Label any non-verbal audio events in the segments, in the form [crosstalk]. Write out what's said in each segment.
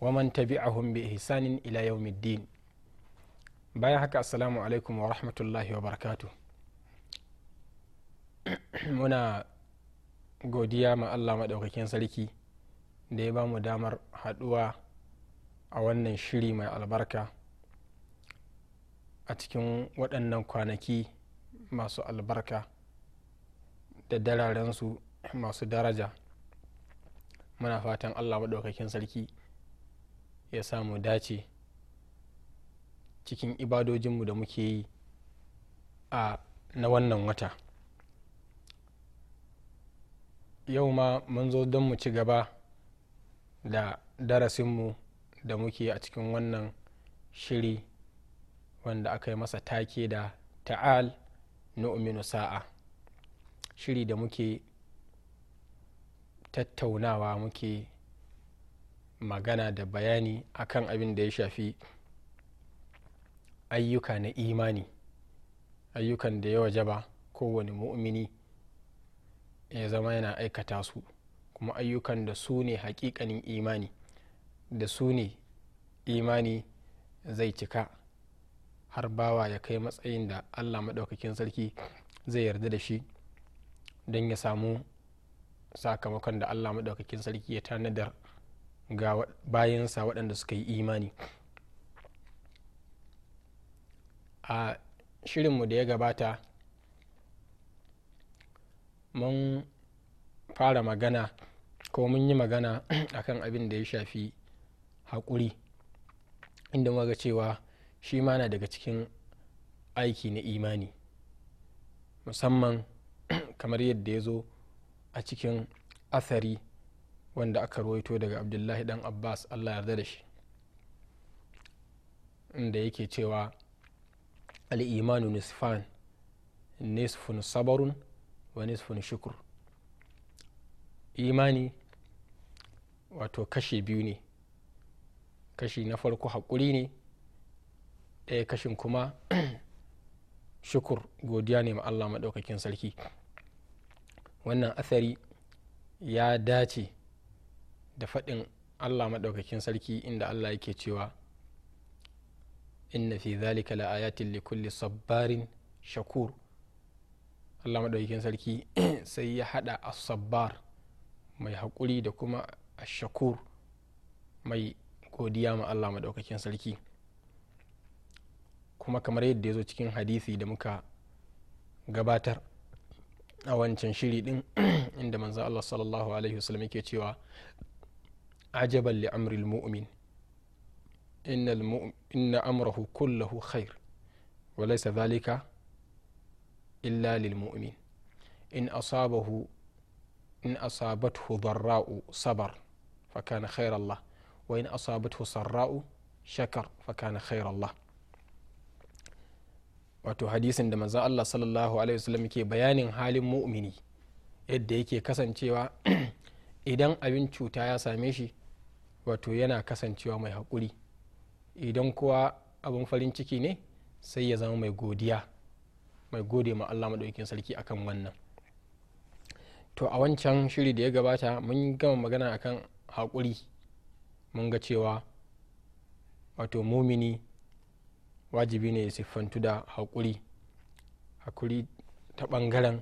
waman tabi'ahum bi ihsanin ila yawmiddin bayan haka assalamu alaikum wa rahmatullahi wa barakatu muna godiya ma allah maɗaukakin sarki da ya ba mu damar haɗuwa a wannan shiri mai albarka a cikin waɗannan kwanaki masu albarka da dararensu masu daraja muna fatan allah maɗaukakin sarki ya mu dace cikin ibadojinmu da muke yi a na wannan wata yau ma mun zo don mu ci gaba da darasinmu da muke a cikin wannan shiri wanda aka yi masa take da ta'al nu'minu sa'a shiri da muke tattaunawa muke magana da bayani akan abin da ya shafi ayyuka na imani ayyukan da ya wajaba kowane mu'mini ya zama yana aikata su kuma ayyukan da su ne hakikanin imani da su ne imani zai cika har bawa ya kai matsayin da allah maɗaukakin sarki zai yarda da shi don ya samu sakamakon da allah maɗaukakin sarki ya tanadar ga bayansa waɗanda suka yi imani a shirinmu da ya gabata mun fara magana ko mun yi magana [clears throat] akan abin da ya shafi haƙuri inda muka cewa shi ma na daga cikin aiki na imani musamman [clears throat] kamar yadda ya zo a cikin asari wanda aka ruwaito daga abdullahi dan abbas allah yarda da shi inda yake cewa al'imanu nisfan nisfun sabarun wa nisfun shukur imani wato kashi biyu ne kashi na farko haƙuri ne ɗaya kashin kuma [clears throat] shukur godiya ne ma allah maɗaukakin sarki wannan asari ya dace da faɗin allah maɗaukakin sarki inda allah yake cewa inna fi zalika la ayatin li kulli sabbarin shakur allah maɗaukakin sarki [clears throat] sai ya haɗa a sabbar mai haƙuri da kuma a shakur mai godiya ma allah maɗaukakin sarki kuma kamar yadda ya zo cikin hadisi da muka gabatar a wancan shiri ɗin, [clears throat] inda manzo allah sallallahu alaihi wasallam yake cewa عجبا لأمر المؤمن إن, المؤمن إن أمره كله خير وليس ذلك إلا للمؤمن إن أصابه إن أصابته ضراء صبر فكان خير الله وإن أصابته سراء شكر فكان خير الله wato hadisin da manzon Allah sallallahu alaihi wasallam ke bayanin halin mu'mini yadda yake kasancewa idan abin cuta ya same shi wato yana kasancewa mai haƙuri idan kuwa abin farin ciki ne sai ya zama mai godiya mai gode ma allah maɗaukin sarki akan wannan to a wancan shiri da ya gabata mun gama magana akan haƙuri mun ga cewa wato mumini wajibi ne ya siffantu da haƙuri haƙuri ta ɓangaren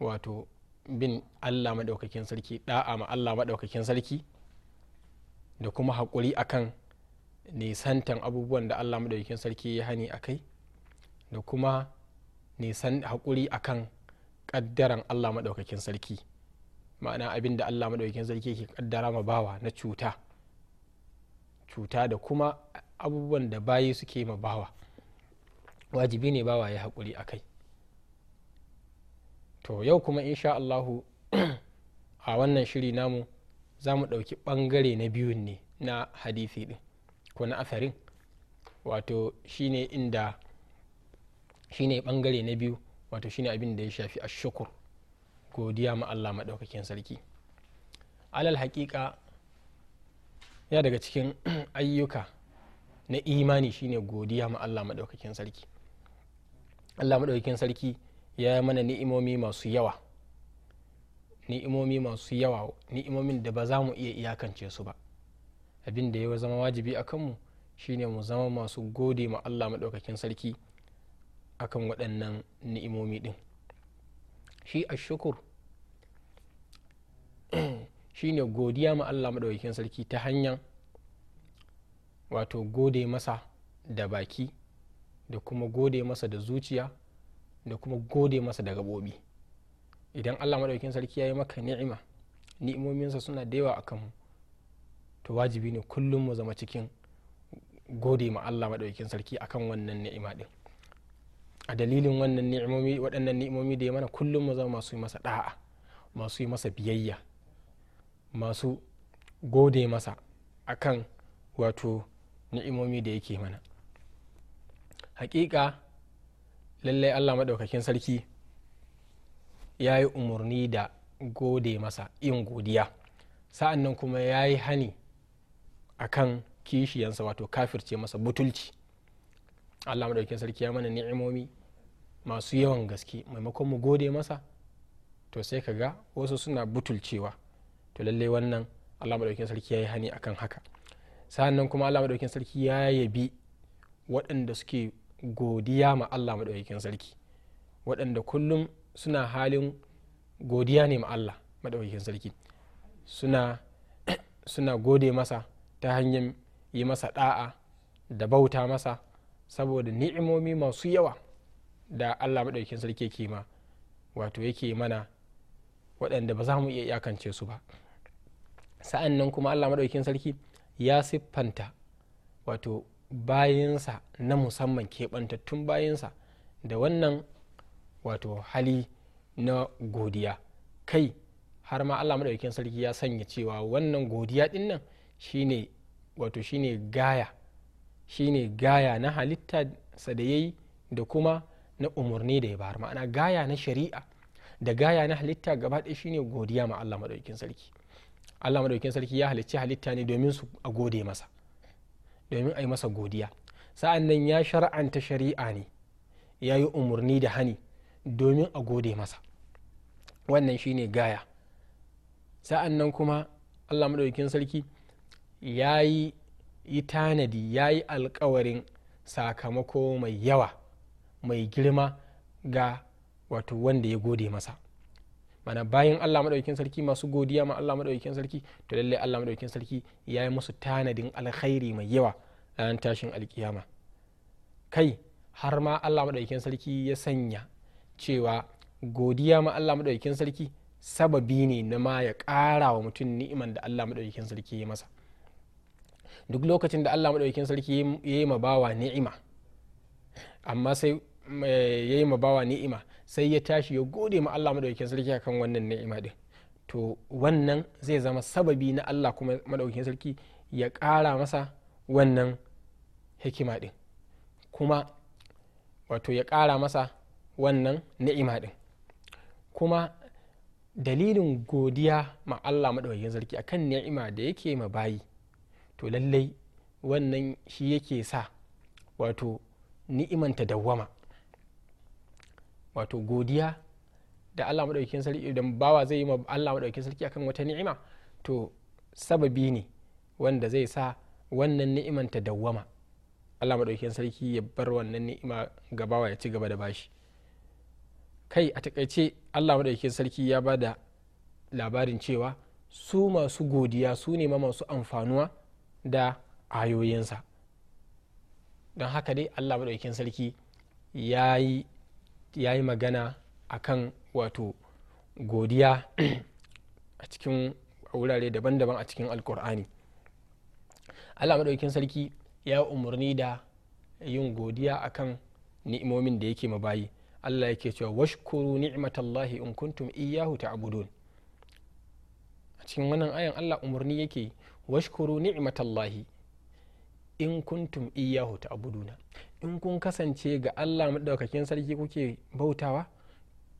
wato bin allah maɗaukakin sarki ɗa'a ma allah maɗaukakin sarki da kuma haƙuri akan nisantan abubuwan da allah maɗaukin sarki ya hani a kai da kuma nisan haƙuri akan ƙaddaran allah maɗaukakin sarki ma'ana abin da allah maɗaukin sarki ke ƙaddara ma bawa na cuta cuta da kuma abubuwan da bayi suke ma bawa wajibi ne bawa ya haƙuri a kai to yau kuma insha allahu a wannan shiri namu za mu ɗauki ɓangare na biyun ne na hadisi ɗin ko na asarin wato shine inda shine ɓangare na biyu wato shine abin da ya shafi ashukur godiya ma Allah maɗaukakin sarki alal haƙiƙa ya daga cikin [clears throat] ayyuka na imani shine godiya ma Allah maɗaukakin sarki Allah maɗaukakin sarki ya yi mana ni'imomi masu yawa ni'imomi masu yawa ni'imomin da ba za mu iya iyakance su ba abin da ya zama wajibi a kanmu shine mu zama masu gode ma allah maɗaukakin sarki akan waɗannan ni'imomi ɗin shi a shukur [clears throat] shi ne godiya ma allah maɗaukakin sarki ta hanyar wato gode masa da baki da kuma gode masa da zuciya da kuma gode masa da gaɓoɓi idan allah maɗaukin sarki ya yi maka ni'ima ni'imominsa suna da yawa a kanmu to wajibi ne kullum mu zama cikin gode ma allah maɗaukin sarki akan wannan ni'ima ɗin a dalilin wannan ni'imomi waɗannan ni'imomi da ya mana kullum mu zama masu yi masa ɗa'a masu yi masa biyayya masu gode masa akan wato ni'imomi da yake mana hakika lallai allah maɗaukakin sarki ya yi umarni da gode masa yin godiya sa'an nan kuma ya yi hani a kan kishiyansa wato kafirce masa butulci allah maɗaukin sarki ya mana ni'imomi masu yawan gaske maimakon mu gode masa to sai ka ga wasu suna butulcewa to lallai wannan allah maɗaukin sarki ya yi hani a kan haka sa'an nan kuma allah maɗaukin sarki ya yabi waɗanda suke godiya ma allah maɗaukin sarki waɗanda kullum suna halin godiya ne ma Allah madaukakin sarki suna [clears throat] suna gode masa ta hanyar yi masa ɗa'a da bauta masa saboda ni'imomi masu yawa da Allah madaukakin sarki yake ma wato yake mana waɗanda ba za mu iya yakance su ba sa'an nan kuma Allah madaukakin sarki ya siffanta wato bayansa na musamman keɓantattun bayansa da wannan wato hali na godiya kai har ma allah maɗaukin sarki ya sanya cewa wannan godiya ɗin nan shine wato shine gaya shine gaya na halitta da ya da kuma na umarni da ya bayar ma'ana gaya na shari'a da gaya na halitta gaba ɗaya shine godiya ma allah maɗaukin sarki allah maɗaukin sarki ya halicci halitta ne domin su a gode masa domin a yi masa godiya sa'an nan ya shara'anta shari'a ne ya yi umarni da hani domin a gode masa wannan shine gaya sa'an nan kuma allah maɗaukin sarki ya yi tanadi ya yi alkawarin sakamako mai yawa mai girma ga wato wanda ya gode masa mana bayan allah maɗaukin sarki masu godiya ma allah maɗaukin sarki to lallai allah maɗaukin sarki ya yi musu tanadin alkhairi mai yawa ranar tashin alkiyama kai har ma allah maɗaukin sarki ya sanya cewa godiya ma Allah maɗaukakin sarki sababi ne na ma ya ƙara wa mutum ni'iman da Allah maɗaukakin sarki ya masa duk lokacin da Allah maɗaukakin sarki ya yi ma bawa ni'ima amma sai eh, ya yi ma bawa ni'ima sai ya tashi ya gode ma Allah maɗaukakin sarki akan wannan ni'ima din to wannan zai zama sababi na Allah kuma maɗaukakin sarki ya ƙara masa wannan hikima din kuma wato ya ƙara masa wannan ni'ima din kuma dalilin godiya ma Allah maɗaukakin sarki akan ni'ima da yake ma bayi to lallai wannan shi yake sa wato ni'iman ta dawwama wato godiya da Allah maɗaukakin sarki idan bawa zai yi ma Allah maɗaukakin sarki akan wata ni'ima to sababi ne wanda zai sa wannan ni'iman ta dawwama Allah maɗaukakin sarki ya bar wannan ni'ima ga bawa ya ci gaba da bashi kai a takaice allah maɗaukakin sarki ya ba da labarin cewa su masu godiya su ne ma masu amfanuwa da ayoyinsa don haka dai allah maɗaukakin sarki ya yi magana a kan wato godiya [clears throat] a cikin wurare daban-daban a cikin alkur'ani allah maɗaukakin sarki ya umarni da yin godiya akan ni'imomin da yake mabayi allah yake cewa washkuru ni'matallahi in kuntum iyyahu ta'budun a cikin wannan ayan allah umarni yake washkuru ni'matallahi in kuntum iyyahu ta'buduna in kun kasance ga allah madaukakin sarki kuke bautawa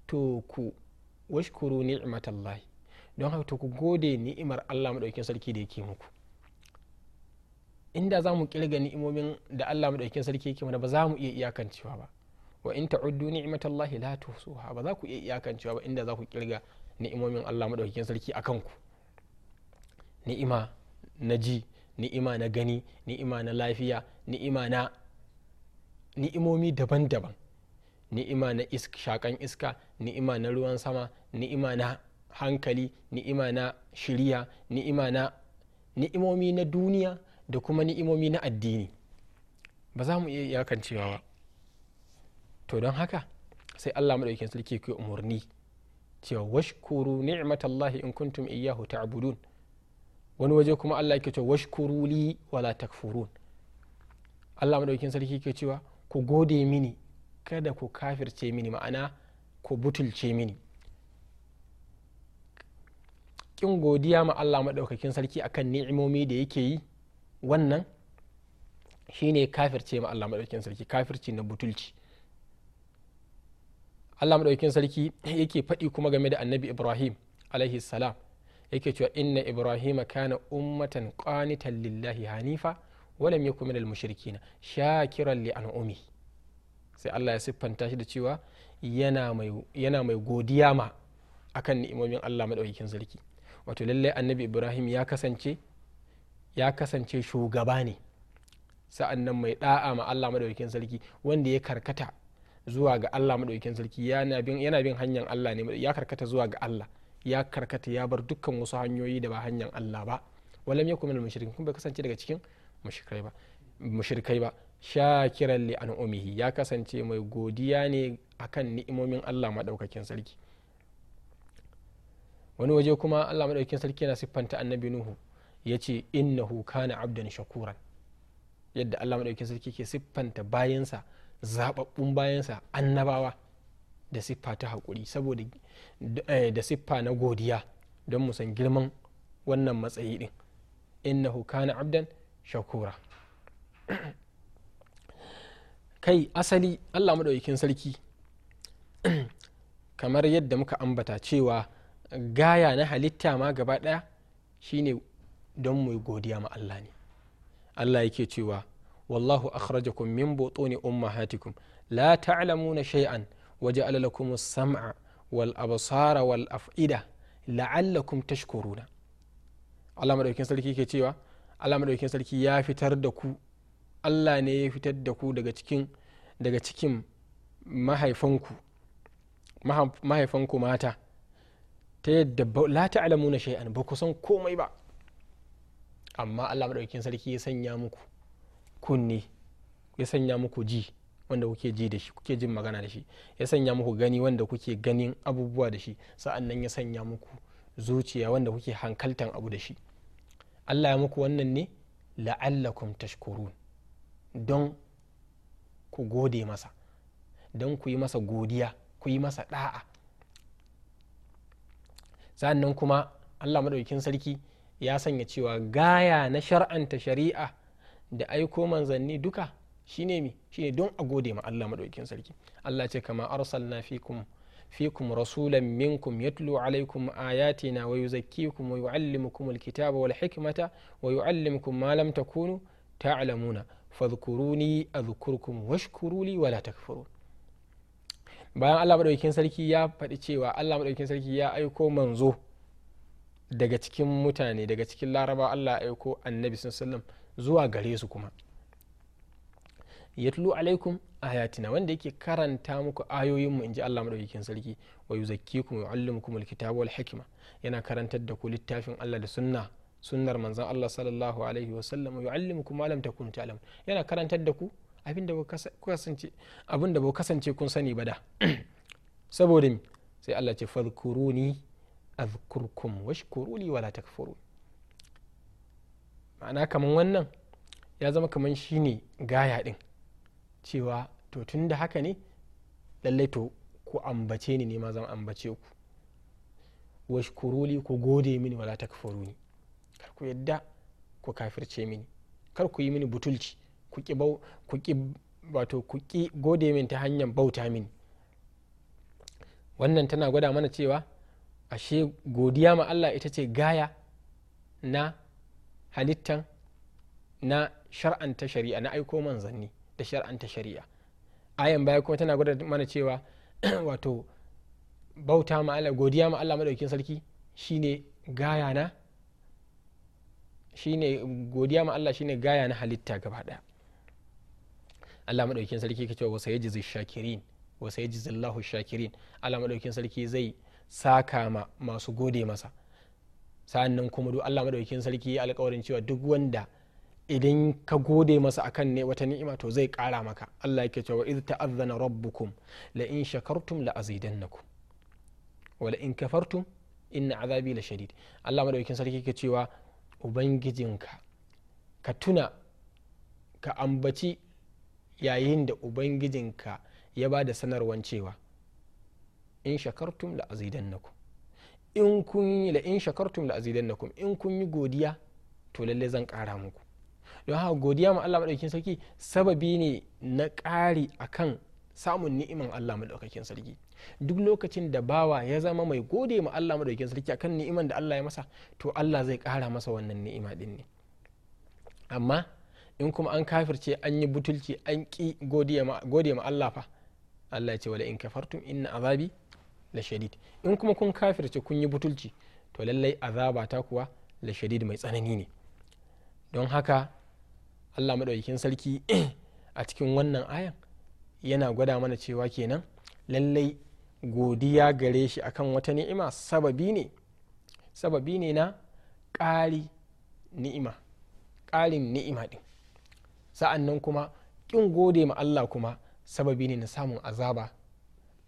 to ku washkuru ni'matallahi don haka to ku gode ni'imar allah madaukakin sarki da yake muku inda za mu kirga ni'imomin da allah madaukakin sarki yake mana ba za mu iya iyakancewa ba wa in ta'uddu ni'matallahi la tuhsuha ba za ku iya iyakancewa ba inda za ku kirga ni'imomin Allah madaukakin sarki akan ku ni'ima na ji ni'ima na gani ni'ima na lafiya ni'ima na ni'imomi daban-daban ni'ima na shakan iska ni'ima na ruwan sama ni'ima na hankali ni'ima na shiriya ni'ima na ni'imomi na duniya da kuma ni'imomi na addini ba za mu iya iyakancewa ba to don haka sai allah maɗaukin sarki ku umarni cewa washkuru ni'matallahi in kuntum iyyahu ta'budun wani waje kuma allah ke cewa washkuru li wala takfurun allah maɗaukin sarki ke cewa ku gode mini kada ku kafirce mini ma'ana ku butulce mini kin godiya ma allah maɗaukakin sarki akan ni'imomi da yake yi wannan shine kafirce ma allah maɗaukakin sarki kafirci na butulci allah maɗaukin sarki yake faɗi kuma game da annabi ibrahim alaihi salam yake cewa inna ibrahim kana ummatan qanitan lillahi hanifa lam yakun minal mushrikina shakiran li an'umi sai allah ya siffanta shi da cewa yana mai godiya ma akan ni'imomin allah maɗaukakin sarki wato lallai annabi ibrahim ya kasance ya kasance shugaba ne sa'annan mai da'a ma allah maɗaukakin sarki wanda ya karkata zuwa ga Allah maɗaukin sarki yana bin yana bin hanyar Allah ne ya karkata zuwa ga Allah ya karkata ya bar dukkan wasu hanyoyi da ba hanyar Allah ba walam yakum minal mushrikin kun bai kasance daga cikin mushrikai ba mushrikai ba shakiran li umihi ya kasance mai godiya ne akan ni'imomin Allah maɗaukakin sarki wani waje kuma Allah madaukakin sarki yana siffanta annabi Nuhu yace innahu kana abdan shakuran yadda Allah madaukakin sarki ke siffanta bayansa zaɓaɓɓun bayansa annabawa da siffa ta haƙuri saboda eh, da siffa na godiya don musan san girman wannan matsayi ɗin innahu kana abdan shakura [clears throat] kai asali allah maɗaukin sarki [clears throat] kamar yadda muka ambata cewa gaya na halitta ma gaba ɗaya shine don mu godiya ma allah ne allah yake cewa wallahu akhrajakum min butuni ummahatikum la ta'lamuna shai'an waje lakum as-sam'a wal absara wal af'ida la'allakum tashkuruna Allah madaukakin sarki ke cewa Allah madaukakin sarki ya fitar da ku Allah ne ya fitar da ku daga cikin daga mahaifanku mata ta yadda la ta'lamuna shay'an ba ku san komai ba amma Allah madaukakin sarki ya sanya muku kunne ya sanya muku ji wanda kuke ji da shi kuke jin magana da shi ya sanya muku gani wanda kuke ganin abubuwa da shi sa'an nan ya sanya muku zuciya wanda kuke hankaltan abu da shi Allah ya muku wannan ne la'allakum tashkurun don ku gode masa don ku yi masa godiya ku yi masa da'a nan kuma Allah maɗaukin sarki ya sanya cewa gaya na shar'anta shari'a da aiko manzanni duka shine mi shine don a gode ma Allah madaukakin sarki Allah ce kama arsalna fikum fikum rasulan minkum yatlu alaikum ayatina wa yuzakkikum wa yuallimukum alkitaba wal hikmata wa yuallimukum ma lam takunu ta'lamuna fadhkuruni adhkurkum washkuruli wala takfurun bayan Allah madaukakin sarki ya faɗi cewa Allah madaukakin sarki ya aiko manzo daga cikin mutane daga cikin laraba Allah ya aiko annabi sallallahu alaihi wasallam zuwa gare su kuma yatlu alaikum ayatina wanda yake karanta muku ayoyinmu in ji Allah madaukakin sarki wa yuzakkikum wa yuallimukum alkitaba wal hikma yana karantar da ku littafin Allah da sunna sunnar manzon Allah sallallahu alaihi wa sallam wa yuallimukum ma lam takunu ta'lamun yana karantar da ku abinda ba kasance abinda ba kasance kun sani ba da [clears throat] saboda sai Allah ce fadhkuruni azkurkum washkuruli wala takfurun ma'ana kaman wannan ya zama kaman ne gaya ɗin, cewa to tun da haka ne lallai to ku ambace ni ne ma zan ambace ku kuroli ku gode mini wala takfuruni kar ku yadda ku kafirce mini kar ku yi mini butulci ku ki wato ku gode mini ta hanyar bauta mini wannan tana gwada mana cewa ashe godiya ma Allah ita ce gaya na halittan na shar'anta shari'a na aiko manzanni da shar'anta shari'a ayan baya kuma tana gwada mana cewa [clears throat] wato bauta ma Allah godiya ma Allah madaukin sarki shine gaya na shine godiya ma Allah shine gaya na halitta gaba daya Allah madaukin sarki kace wa sayajzi shakirin wa sayajzi Allahu shakirin Allah madaukin sarki zai saka ma masu gode masa sa'an nan kuma duk Allah madaukakin sarki ya alƙawarin cewa duk wanda idan ka gode masa akan ne wata ni'ima to zai ƙara maka Allah yake cewa idh ta'azzana rabbukum la in shakartum la azidannakum wa la in kafartum inna azabi la shadid Allah madaukakin sarki yake cewa ubangijinka ka tuna ka ambaci yayin da ubangijinka ya ba da sanarwan cewa in shakartum la azidannakum in kun yi la in shakartum la azidannakum in kun yi godiya to lalle zan kara muku don haka godiya ma Allah madaukakin sarki sababi ne na ƙari akan samun ni'iman Allah madaukakin sarki duk lokacin da bawa ya zama mai gode ma Allah madaukakin sarki akan ni'iman da Allah ya masa to Allah zai kara masa wannan ni'ima din ne amma in kuma an kafirce an yi butulci an ki gode ma Allah fa Allah ya ce wala in kafartum inna azabi la in kuma kun kafirce kun yi butulci to lallai azaba ta kuwa la mai tsanani ne don haka allah maɗaukakin sarki [clears throat] a cikin wannan ayan yana gwada mana cewa kenan lallai godiya gare shi akan wata ni'ima sababi ne sababi ne na ƙari ni'ima ƙarin ni'ima ɗin sa'an nan kuma ƙin gode ma allah kuma sababi ne na samun azaba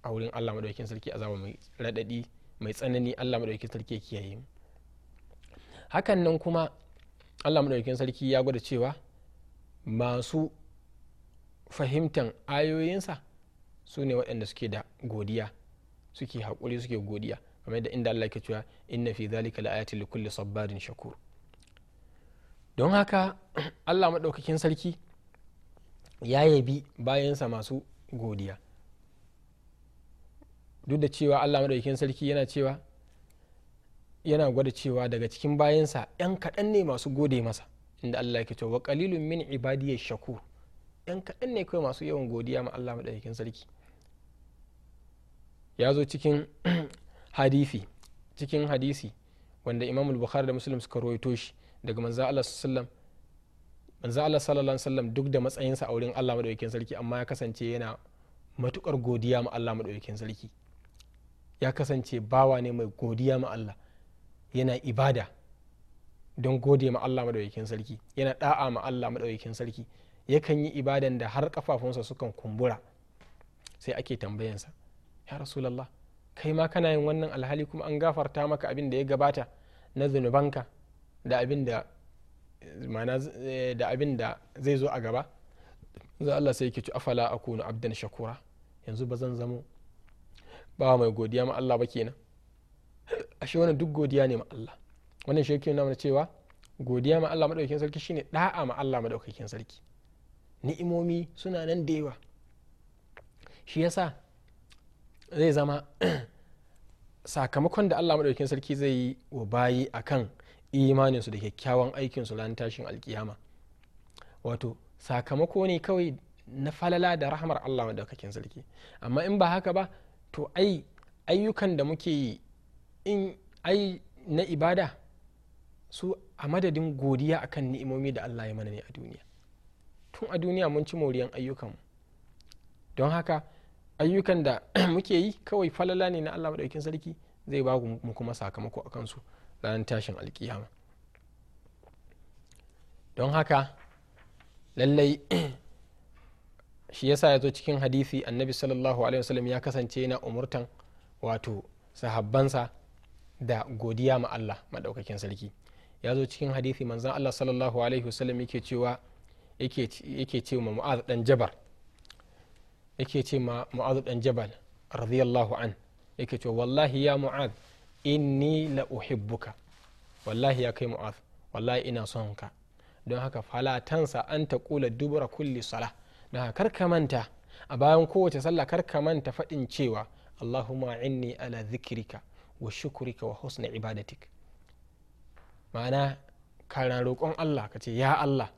a wurin Allah maɗaukin sarki azaba mai radadi mai tsanani Allah maɗaukin sarki ya kiyaye mu hakan nan kuma Allah maɗaukin sarki ya gwada cewa masu fahimtar ayoyinsa su ne waɗanda suke da godiya suke haƙuri suke godiya kamar da inda Allah ke cewa inna fi zalika ayati likulli sabbarin shakur don haka [clears throat] Allah maɗaukakin sarki ya yabi bayansa masu godiya duk da cewa allah madaukakin sarki yana cewa yana gwada cewa daga cikin bayansa 'yan kaɗan ne masu gode masa inda allah ke cewa kalilun min ibadiya shakur 'yan kaɗan ne kawai masu yawan godiya ma allah madaukakin sarki ya zo cikin [clears throat] hadisi cikin hadisi wanda imam bukhari da muslim suka rawaito shi daga manzo allah sallam manzo allah sallallahu sallam duk da matsayinsa a wurin allah madaukakin sarki amma ya kasance yana matukar godiya ma allah madaukakin sarki ya kasance bawa ne mai godiya ma Allah yana ibada don gode ma Allah madaukakin sarki yana da'a ma Allah madaukakin sarki yakan yi ibadan da har kafafunsa sukan kumbura sai ake tambayansa ya rasulallah kai ma kana yin wannan alhali kuma an gafarta maka abin da ya gabata na zunubanka da abin da eh, zai zo a gaba za Allah sai ke ci afala akunu abdan shakura yanzu ba zan zamo ba mai godiya ma Allah ba kenan [laughs] ashe wannan duk godiya ne ma Allah wannan shi yake nuna cewa godiya ma Allah madaukakin sarki shine da'a ma Allah madaukakin sarki ni'imomi suna nan da yawa shi yasa zai zama [clears throat] sakamakon da Allah madaukakin sarki zai yi wa bayi akan imaninsu da kyakkyawan aikinsu ran tashin alkiyama wato sakamako ne kawai na falala da rahmar Allah madaukakin sarki amma in ba haka ba to ai ayyukan da muke yi in ai na ibada su a madadin godiya akan ni'imomi da allah ya mana ne a duniya tun a duniya mun ci moriyan ayyukan don haka ayyukan da [clears throat] muke yi kawai falala ne na allah madaukin sarki zai ba mu kuma sakamako a kansu ranar tashin alkiyama don haka lallai [clears throat] shi yasa ya zo cikin hadisi annabi sallallahu alaihi wasallam ya kasance yana umurtan wato sahabbansa da godiya ma Allah madaukakin sarki ya zo cikin hadisi manzon Allah sallallahu alaihi wasallam yake cewa yake ce ma mu'az dan jabal yake ce ma mu'az dan jabal radiyallahu an yake cewa wallahi ya mu'az inni la uhibbuka wallahi ya kai mu'az wallahi ina son ka don haka falatansa an taqula dubra kulli salah da karka manta a bayan kowace sallah karka manta faɗin cewa allahumma inni ala zikrika wa shukurika wa husna ibadatik ma'ana kana roƙon allah ka ce ya allah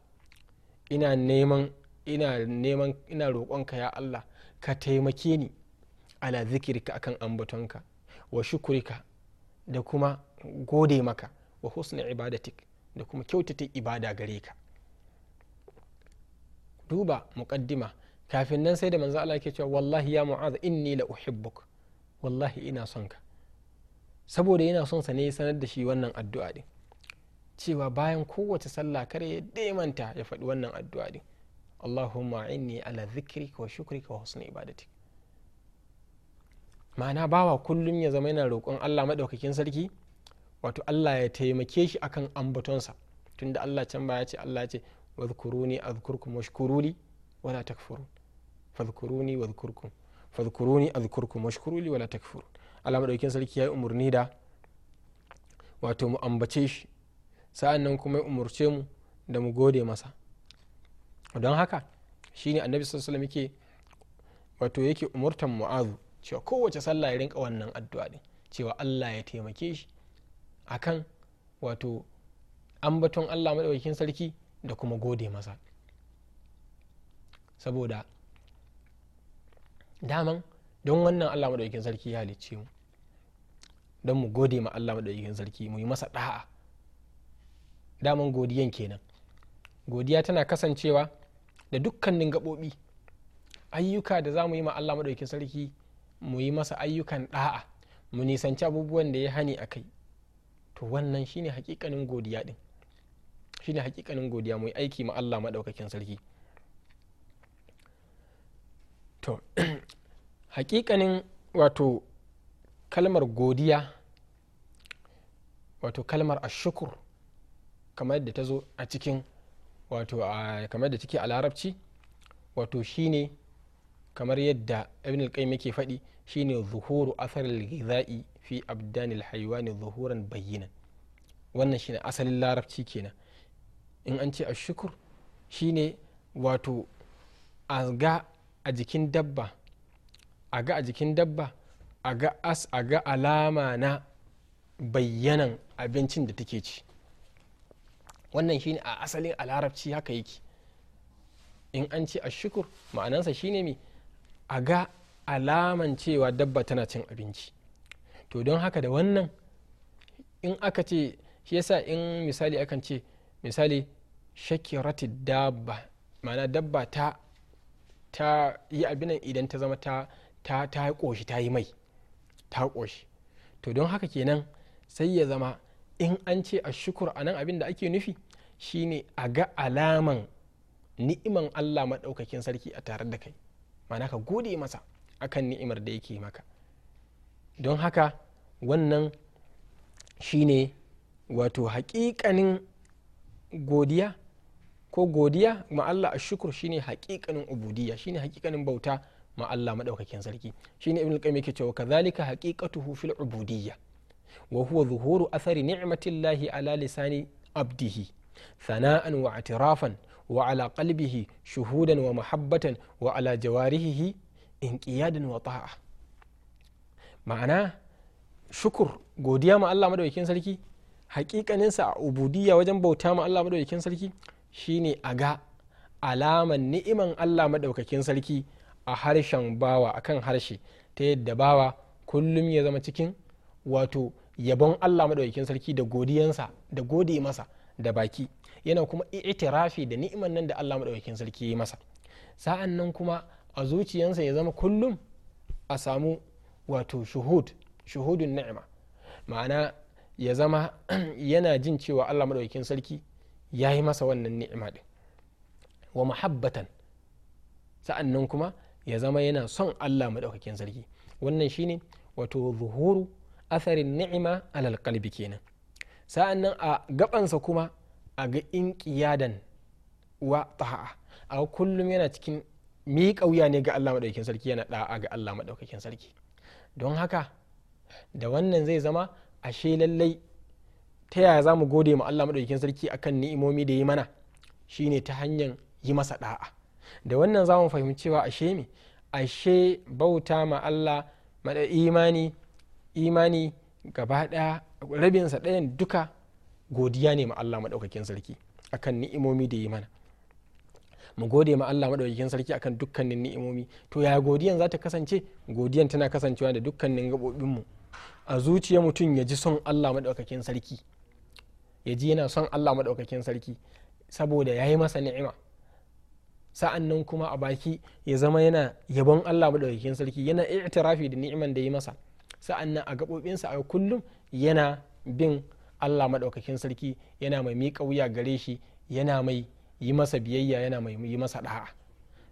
ina neman ina neman ina roƙonka ya allah ka taimake ni ala zikirka akan ambatonka wa shukurika da kuma gode maka wa husna ibadatik da kuma kyautata ibada gare ka duba muƙaddima kafin nan sai da manzo Allah yake cewa wallahi ya mu'adh inni la uhibbuk wallahi ina son ka saboda yana son sa ne sanar da shi wannan addu'a din cewa bayan kowace sallah kare ya daimanta ya faɗi wannan addu'a din Allahumma inni ala dhikrika wa shukrika wa husni ibadati ma'ana bawa kullum ya zama yana roƙon Allah maɗaukakin sarki wato Allah ya taimake shi akan sa tunda Allah can baya ce Allah ce wadhkuruni adhkurkum washkuruli wala takfurun fadhkuruni wadhkurkum fadhkuruni adhkurkum washkuruli wala takfurun Allah madaukin sarki yayi umurni da wato mu ambace shi sa'an nan kuma ya umurce mu da mu gode masa don haka shine annabi sallallahu alaihi yake wato yake umurtan mu'azu cewa kowace sallah ya rinka wannan addu'a din cewa Allah ya taimake shi akan wato ambaton Allah madaukakin sarki da kuma gode masa saboda daman don wannan allah maɗaukin sarki ya halicce mu don mu gode ma allah maɗaukin sarki mu yi masa ɗa'a daman godiyan kenan godiya tana kasancewa da dukkanin gaɓoɓi ayyuka da za mu yi ma allah maɗaukin sarki mu yi masa ayyukan ɗa'a mu nisanci abubuwan da ya hani a kai to wannan shine hakikanin godiya din. shine hakikanin godiya mu aiki ma Allah maɗaukakin sarki to [clears throat] hakikanin wato kalmar godiya wato kalmar ashukur kamar yadda ta zo a cikin wato kamar yadda take a larabci wato shine kamar yadda ibn al-qayyim yake faɗi shine zuhuru athar al fi abdanil al ne zuhuran bayyinan wannan shine asalin larabci kenan in an ce ashukur shine wato a ga a jikin dabba a ga a jikin dabba a ga as a ga alama na bayyanan abincin da take ci wannan shine a asalin a larabci haka yake in an ce shukur ma'anansa shine me a ga alaman cewa dabba tana cin abinci to don haka da wannan in aka ce shi yasa in misali akan ce misali shakirati dabba ma'ana dabba ta ta yi abinan idan ta zama ta ta ta koshi ta yi mai ta koshi to don haka kenan sai ya zama in an ce a shukur a nan abin da ake nufi shine a ga alaman ni'iman allah maɗaukakin sarki a tare da kai ma'ana ka gode masa akan ni'imar da yake maka don haka wannan shine wato haƙiƙanin godiya ko godiya ma Allah ashukur shine hakikanin ubudiyya shine hakikanin bauta ma Allah madaukakin sarki shine ibn al-qayyim yake cewa kadhalika haqiqatuhu fil ubudiyya wa huwa zuhuru athari ni'matillahi ala lisani abdihi thana'an wa atirafan wa ala qalbihi shuhudan wa mahabbatan wa ala jawarihi inqiyadan wa ta'a ma'ana shukur godiya ma Allah madaukakin sarki hakikaninsa a ubudiyya wajen bauta ma Allah madaukakin sarki shine a ga alaman ni'iman Allah madaukakin sarki a harshen bawa akan harshe ta yadda bawa kullum ya zama cikin wato yabon Allah madaukakin sarki da godiyansa da gode masa da baki yana kuma itirafi da ni'iman nan da Allah madaukakin sarki ya yi masa sa'an nan kuma a zuciyansa ya zama kullum a samu wato shuhud shuhudun ni'ima ma'ana ya zama [clears throat] yana jin cewa allah maɗaukin sarki ya yi masa wannan ni'ima ɗin wa muhabbatan sa'annan kuma ya zama yana son allah maɗaukakin sarki wannan shine wato zuhuru atharin ni'ima alal qalbi kenan sa'annan a gabansa kuma a ga inqiyadan wa ta'a a kullum yana cikin miƙa wuya ne ga Allah maɗaukakin sarki yana ɗa'a ga Allah maɗaukakin sarki don haka da wannan zai zama ashe lallai ta yaya za mu gode ma Allah maɗaukakin sarki akan ni'imomi da yi mana shine ta hanyar yi masa da'a da wannan za mu fahimci cewa ashe me ashe bauta ma Allah imani imani gaba ɗaya rabinsa ɗayan duka godiya ne ma Allah maɗaukakin sarki akan ni'imomi da yi mana mu gode ma Allah maɗaukakin sarki akan dukkanin ni'imomi to yaya godiyan za ta kasance godiyan tana kasancewa da dukkanin gaɓoɓinmu a zuciyar mutum ya ji son allah maɗaukakin sarki ya ji yana son allah maɗaukakin sarki saboda ya yi masa ni'ima sa'an nan kuma a baki ya zama yana yabon allah maɗaukakin sarki yana i'tirafi da ni'iman da ya masa sa'an nan a gaɓoɓinsa a kullum yana bin allah maɗaukakin sarki yana mai miƙa wuya gare shi yana mai yi masa biyayya yana mai yi masa ɗa'a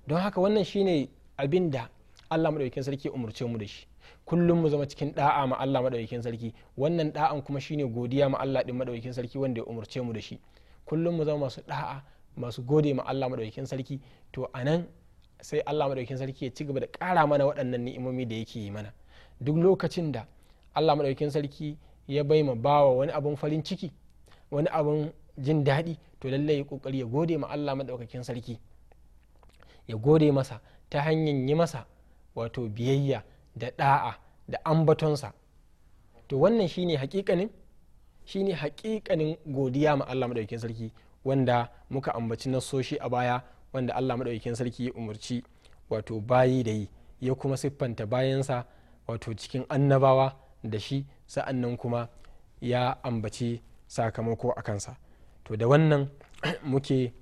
don haka wannan shine abin da allah maɗaukakin sarki umarce mu da shi kullum mu zama cikin da'a ma Allah madaukakin sarki wannan da'an kuma shine godiya ma Allah din madaukakin sarki wanda ya umurce mu da shi kullum mu zama masu da'a masu gode ma Allah madaukakin sarki to anan sai Allah madaukakin sarki ya ci gaba da ƙara mana waɗannan ni'imomi da yake yi mana duk lokacin da Allah madaukakin sarki ya bai ma bawa wani abun farin ciki wani abun jin daɗi to lallai ya kokari ya gode ma Allah madaukakin sarki ya gode masa ta hanyar yi masa wato biyayya da da'a da ambatonsa to wannan shine hakikanin shine hakikanin godiya ma Allah madaukakin sarki wanda muka ambaci nasoshi a baya wanda Allah madaukakin sarki ya umarci wato bayi da yi ya kuma siffanta bayansa wato cikin annabawa da shi sa'annan kuma ya ambaci sakamako a kansa to da wannan [clears throat] muke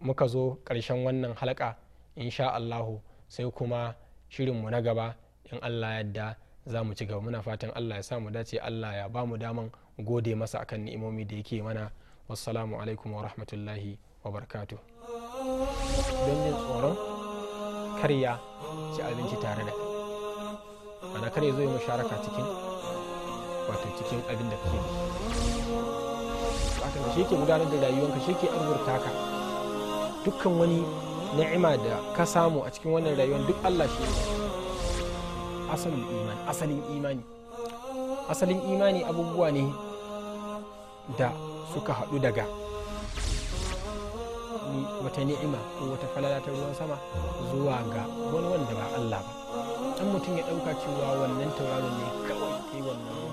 muka zo ƙarshen wannan halaka insha Allahu sai kuma shirinmu na gaba in allah yadda za mu ci gaba muna fatan allah ya sa mu dace allah ya ba mu daman gode masa akan ni'imomi da yake mana wassalamu alaikum wa rahmatullahi wa barakatu don yin tsoron karya ci abinci tare da kai ana kare zo yi musharaka cikin wato cikin abin da kake wato shi ke gudanar da rayuwanka shi ke arzurta ka dukkan wani na'ima da ka samu a cikin wannan rayuwar duk allah shi ne asalin imani asalin imani asalin imani abubuwa ne da suka haɗu daga wata ni'ima ko wata falala ta ruwan sama zuwa ga wani wanda ba Allah ba dan mutum ya ɗauka cewa wannan tauraron ne kawai ke wannan